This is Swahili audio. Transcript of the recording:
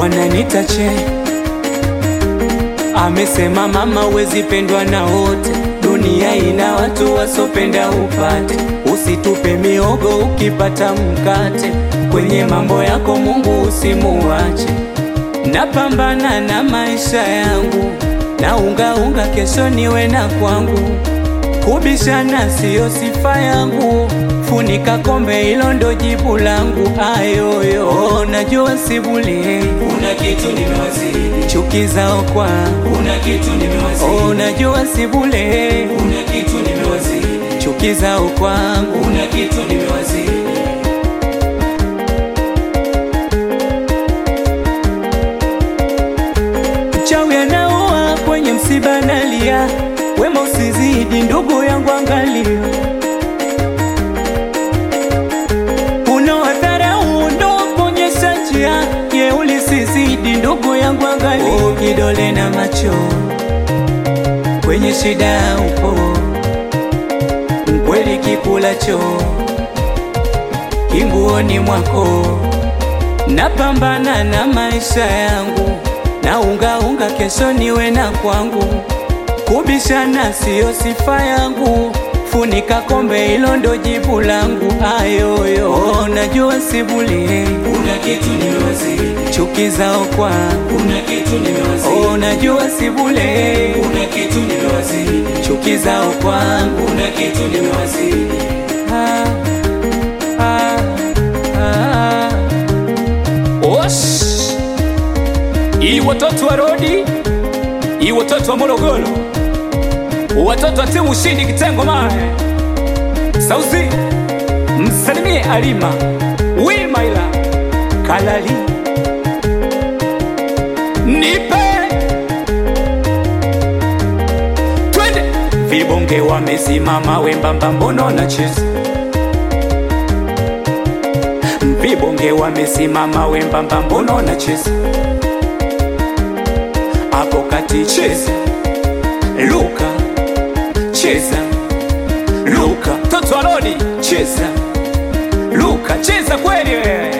Bwana nitache, amesema mama, wezi pendwa na wote, dunia ina watu wasopenda upate. Usitupe miogo ukipata mkate, kwenye mambo yako Mungu usimuache. Napambana na maisha yangu, naungaunga, kesho niwe na kwangu Kubishana siyo sifa yangu, funika kombe hilo ndo jibu langu. Ayoyo oh, najua sibuli, kuna kitu nimewazidi, chuki zao kwa, kuna kitu nimewazidi, oh, najua sibuli, kuna kitu nimewazidi, chuki zao kwangu, kuna kitu nimewazidi Chawi anaoa kwenye msiba nalia wema usizidi, ndugu yangu, angalia unawadharau ndo njia, jeuri ndugu yangu, angalia oh, kidole na macho kwenye shida upo mkweli, kikulacho kinguoni mwako, napambana na maisha yangu, naungaunga kesho niwe na kwangu Kubishana siyo sifa yangu, funika kombe hilo ndo jibu langu. Ayoyo oh, najua sibuli, una kitu ni wazi chuki zao kwa, una kitu ni wazi. oh, najua sibuli, una kitu ni wazi chuki zao kwa una kitu nimewazidi ah, ah, ah. Osh, hii watoto wa i watoto wa Morogoro, watoto wa timu ushindi kitengo mane sauzi, msalimie alima wima ila kalali nipe twende vibonge wamesimama wembamba, mbono na cheza vibonge wamesimama wembamba, mbono na cheza hapo kati, cheza luka, cheza luka, toto aloni, cheza luka, cheza kweli wewe